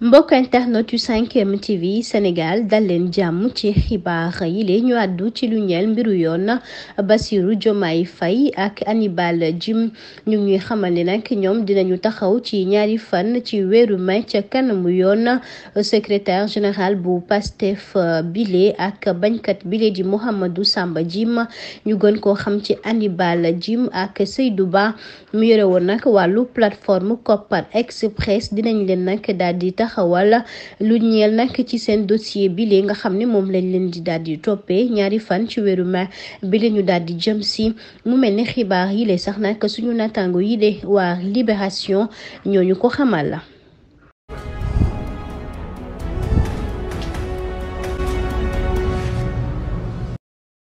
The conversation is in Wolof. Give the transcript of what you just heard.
mbokk internet yu 5M TV Sénégal dal leen jàmm ci xibaar yi lee ñu àddu ci lu ñeel mbiru yoon Bassirou Diomaye Faye ak Hannibal Djim ñu ñuy xamal ne nag ñoom dinañu taxaw ci ñaari fan ci weeru mai ca kanamu yoon secrétaire général bu Pastef bile ak bañkat bile di Mouhamadou Samba Djim ñu gën koo xam ci Hannibal jim ak Seydou Ba mu yore woon nag wàllu plateforme Kopar Express dinañ leen nag daal di xa taxawal lu ñeel nag ci seen dossier bi li nga xam ne moom lañ leen di daal di toppee ñaari fan ci weeru mai bi la ñu daal di jëm si mu mel ni xibaar yi lay sax nag suñu naataango yi de waa Libération ñooñu ko xamal la